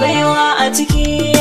baiwa a ciki